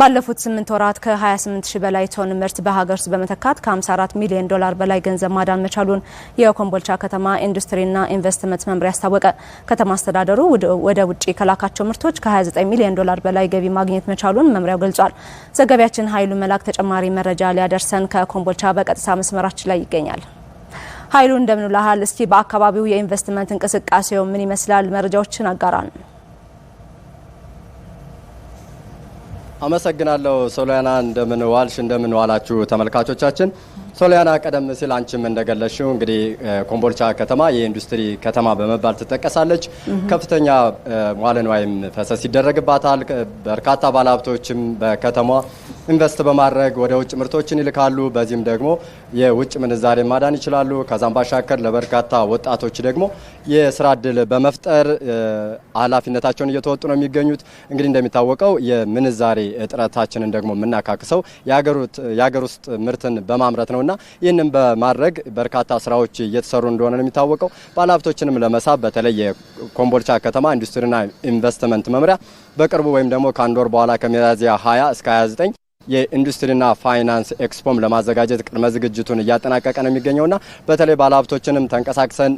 ባለፉት ስምንት ወራት ከ28 ሺህ በላይ ቶን ምርት በሀገር ውስጥ በመተካት ከ54 ሚሊዮን ዶላር በላይ ገንዘብ ማዳን መቻሉን የኮምቦልቻ ከተማ ኢንዱስትሪና ኢንቨስትመንት መምሪያ አስታወቀ። ከተማ አስተዳደሩ ወደ ውጭ ከላካቸው ምርቶች ከ29 ሚሊዮን ዶላር በላይ ገቢ ማግኘት መቻሉን መምሪያው ገልጿል። ዘጋቢያችን ኃይሉ መላክ ተጨማሪ መረጃ ሊያደርሰን ከኮምቦልቻ በቀጥታ መስመራችን ላይ ይገኛል። ኃይሉ እንደምንላሃል። እስቲ በአካባቢው የኢንቨስትመንት እንቅስቃሴው ምን ይመስላል? መረጃዎችን አጋራን። አመሰግናለሁ ሶሊያና። እንደምን ዋልሽ? እንደምን ዋላችሁ ተመልካቾቻችን። ሶሊያና ቀደም ሲል አንቺም እንደገለሽው እንግዲህ ኮምቦልቻ ከተማ የኢንዱስትሪ ከተማ በመባል ትጠቀሳለች። ከፍተኛ መዋለ ንዋይም ፈሰስ ይደረግባታል። በርካታ ባለሀብቶችም በከተማ ኢንቨስት በማድረግ ወደ ውጭ ምርቶችን ይልካሉ። በዚህም ደግሞ የውጭ ምንዛሬ ማዳን ይችላሉ። ከዛም ባሻገር ለበርካታ ወጣቶች ደግሞ የስራ እድል በመፍጠር ኃላፊነታቸውን እየተወጡ ነው የሚገኙት። እንግዲህ እንደሚታወቀው የምንዛሬ እጥረታችንን ደግሞ የምናካክሰው የሀገር ውስጥ ምርትን በማምረት ነው ነውና ይህንን በማድረግ በርካታ ስራዎች እየተሰሩ እንደሆነ ነው የሚታወቀው። ባለሀብቶችንም ለመሳብ በተለይ የኮምቦልቻ ከተማ ኢንዱስትሪና ኢንቨስትመንት መምሪያ በቅርቡ ወይም ደግሞ ከአንድ ወር በኋላ ከሚያዝያ 20 እስከ 29 የኢንዱስትሪና ፋይናንስ ኤክስፖም ለማዘጋጀት ቅድመ ዝግጅቱን እያጠናቀቀ ነው የሚገኘውና በተለይ ባለሀብቶችንም ተንቀሳቅሰን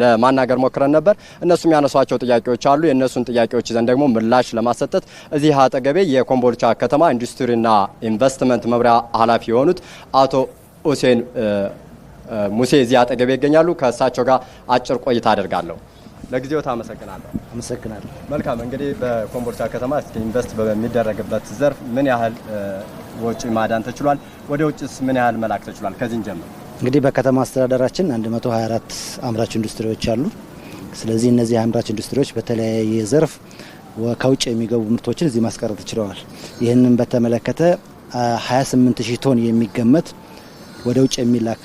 ለማናገር ሞክረን ነበር። እነሱም ያነሷቸው ጥያቄዎች አሉ። የእነሱን ጥያቄዎች ይዘን ደግሞ ምላሽ ለማሰጠት እዚህ አጠገቤ የኮምቦልቻ ከተማ ኢንዱስትሪና ኢንቨስትመንት መምሪያ ኃላፊ የሆኑት አቶ ሁሴን ሙሴ እዚህ አጠገቤ ይገኛሉ። ከእሳቸው ጋር አጭር ቆይታ አደርጋለሁ። ለጊዜው ታመሰግናለሁ። አመሰግናለሁ። መልካም እንግዲህ በኮምቦልቻ ከተማ እስኪ ኢንቨስት በሚደረግበት ዘርፍ ምን ያህል ወጪ ማዳን ተችሏል? ወደ ውጭስ ምን ያህል መላክ ተችሏል? ከዚህን ጀምር እንግዲህ በከተማ አስተዳደራችን 124 አምራች ኢንዱስትሪዎች አሉ። ስለዚህ እነዚህ አምራች ኢንዱስትሪዎች በተለያየ ዘርፍ ከውጭ የሚገቡ ምርቶችን እዚህ ማስቀረት ችለዋል። ይህንን በተመለከተ 28 ሺህ ቶን የሚገመት ወደ ውጭ የሚላክ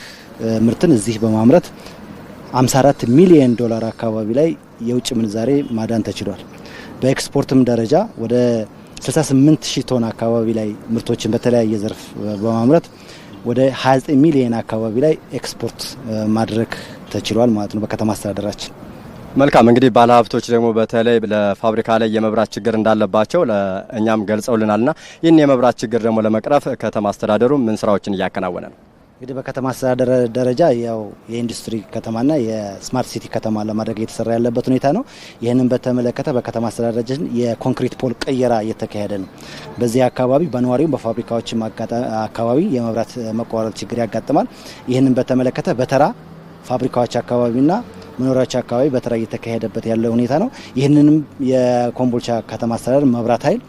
ምርትን እዚህ በማምረት 54 ሚሊዮን ዶላር አካባቢ ላይ የውጭ ምንዛሬ ማዳን ተችሏል። በኤክስፖርትም ደረጃ ወደ 68 ሺህ ቶን አካባቢ ላይ ምርቶችን በተለያየ ዘርፍ በማምረት ወደ 29 ሚሊዮን አካባቢ ላይ ኤክስፖርት ማድረግ ተችሏል ማለት ነው በከተማ አስተዳደራችን። መልካም እንግዲህ ባለሀብቶች ደግሞ በተለይ ለፋብሪካ ላይ የመብራት ችግር እንዳለባቸው ለእኛም ገልጸውልናልና ይህን የመብራት ችግር ደግሞ ለመቅረፍ ከተማ አስተዳደሩ ምን ስራዎችን እያከናወነ ነው? እንግዲህ በከተማ አስተዳደር ደረጃ ያው የኢንዱስትሪ ከተማና የስማርት ሲቲ ከተማ ለማድረግ እየተሰራ ያለበት ሁኔታ ነው። ይህንን በተመለከተ በከተማ አስተዳደራችን የኮንክሪት ፖል ቅየራ እየተካሄደ ነው። በዚህ አካባቢ በነዋሪውም በፋብሪካዎች አካባቢ የመብራት መቋረጥ ችግር ያጋጥማል። ይህንን በተመለከተ በተራ ፋብሪካዎች አካባቢና መኖሪያዎች አካባቢ በተራ እየተካሄደበት ያለ ሁኔታ ነው። ይህንንም የኮምቦልቻ ከተማ አስተዳደር መብራት ኃይል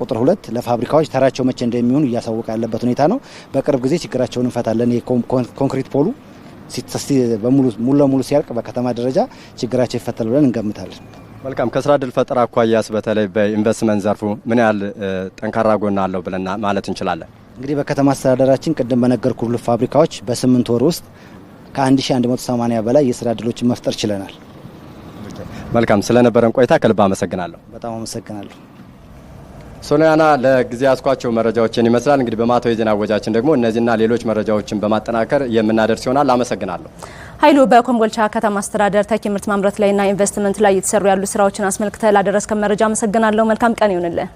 ቁጥር ሁለት ለፋብሪካዎች ተራቸው መቼ እንደሚሆኑ እያሳወቀ ያለበት ሁኔታ ነው። በቅርብ ጊዜ ችግራቸውን እንፈታለን። የኮንክሪት ፖሉ ሙሉ ለሙሉ ሲያልቅ በከተማ ደረጃ ችግራቸው ይፈታል ብለን እንገምታለን። መልካም። ከስራ እድል ፈጠራ አኳያስ በተለይ በኢንቨስትመንት ዘርፉ ምን ያህል ጠንካራ ጎን አለው ብለን ማለት እንችላለን? እንግዲህ በከተማ አስተዳደራችን ቅድም በነገርኩ ሁለት ፋብሪካዎች በስምንት ወር ውስጥ ከ1180 በላይ የስራ እድሎችን መፍጠር ችለናል። መልካም። ስለነበረን ቆይታ ከልብ አመሰግናለሁ። በጣም አመሰግናለሁ። ሶኒያና ለጊዜ ያስኳቸው መረጃዎችን ይመስላል። እንግዲህ በማቶ የዜና ወጃችን ደግሞ እነዚህና ሌሎች መረጃዎችን በማጠናከር የምናደርስ ይሆናል። አመሰግናለሁ። ኃይሉ በኮምቦልቻ ከተማ አስተዳደር ተኪ ምርት ማምረት ላይና ኢንቨስትመንት ላይ የተሰሩ ያሉ ስራዎችን አስመልክተ ላደረስከ መረጃ አመሰግናለሁ። መልካም ቀን ይሁንልህ።